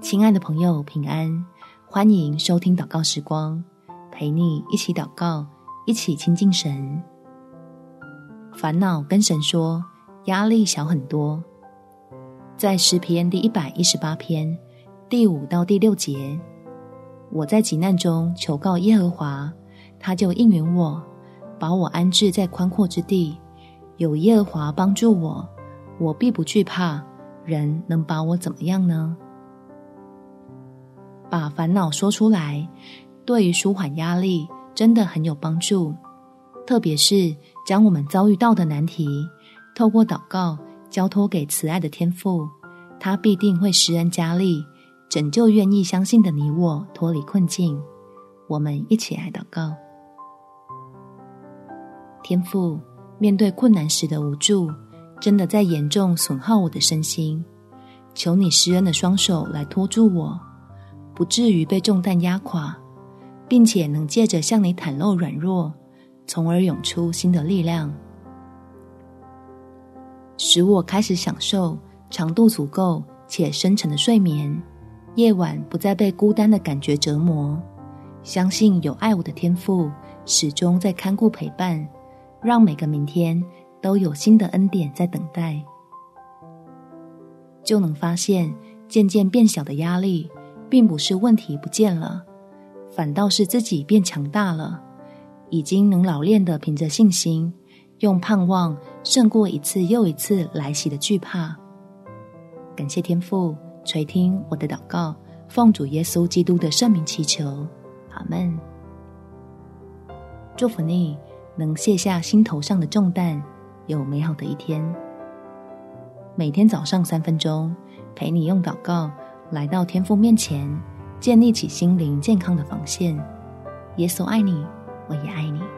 親愛的朋友，平安！歡迎收聽禱告時光，陪你一起禱告，一起親近神。煩惱跟神說，壓力小很多。在詩篇第一百一十八篇第五到第六節，我在急難中求告耶和華，他就應允我，把我安置在寬闊之地。有耶和華幫助我，我必不懼怕。人能把我怎麼樣呢？把煩惱說出來，對於舒緩壓力真的很有幫助。特別是將我們遭遇到的難題，透過禱告交托給慈愛的天父，他必定會施恩加力，拯救願意相信的你我脫離困境。我們一起來禱告：天父，面對困難時的無助，真的在嚴重損耗我的身心。求你施恩的雙手來托住我。不至於被重擔壓垮，並且能借着向你袒露軟弱，從而湧出新的力量，使我開始享受長度足夠且深沉的睡眠，夜晚不再被孤單的感覺折磨。相信有愛我的天父始終在看顧陪伴，讓每個明天都有新的恩典在等待，就能發現漸漸變小的壓力，並不是問題不見了，反倒是自己變強大了，已經能老練的憑着信心，用盼望勝過一次又一次來襲的懼怕。感謝天父垂聽我的禱告，奉主耶穌基督的聖名祈求，阿門。祝福你，能卸下心頭上的重擔，有美好的一天。每天早上三分鐘，陪你用禱告。來到天父面前，建立起心靈健康的防線。耶穌愛你，我也愛你。